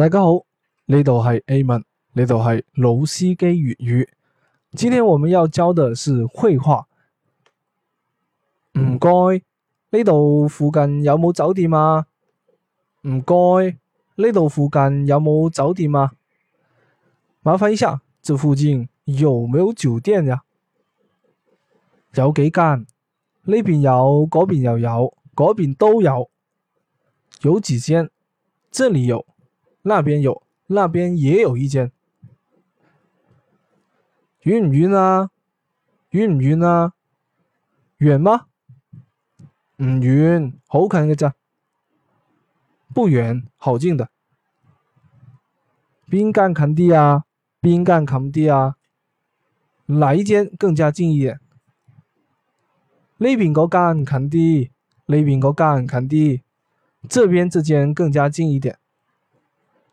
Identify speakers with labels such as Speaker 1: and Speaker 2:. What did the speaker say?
Speaker 1: 大家好，呢度係 A 文，呢度係老司機粵語。今天我們要教的是會話。唔該，呢度附近有冇酒店啊？唔該，呢度附近有冇酒店啊？麻煩一下，這附近有沒有酒店呀、啊？有幾間，呢邊有，嗰邊又有，嗰邊都有。有幾間，這裏有。那邊有，那邊也有一間。遠唔遠啊？遠唔遠啊？遠嗎？唔、嗯、唔遠，好近嘅咋？不遠，好近的。邊間近啲啊？邊間近啲啊？哪一間更加近一點？呢邊嗰間近啲，呢邊嗰間近啲，這邊這間更加近，近一點。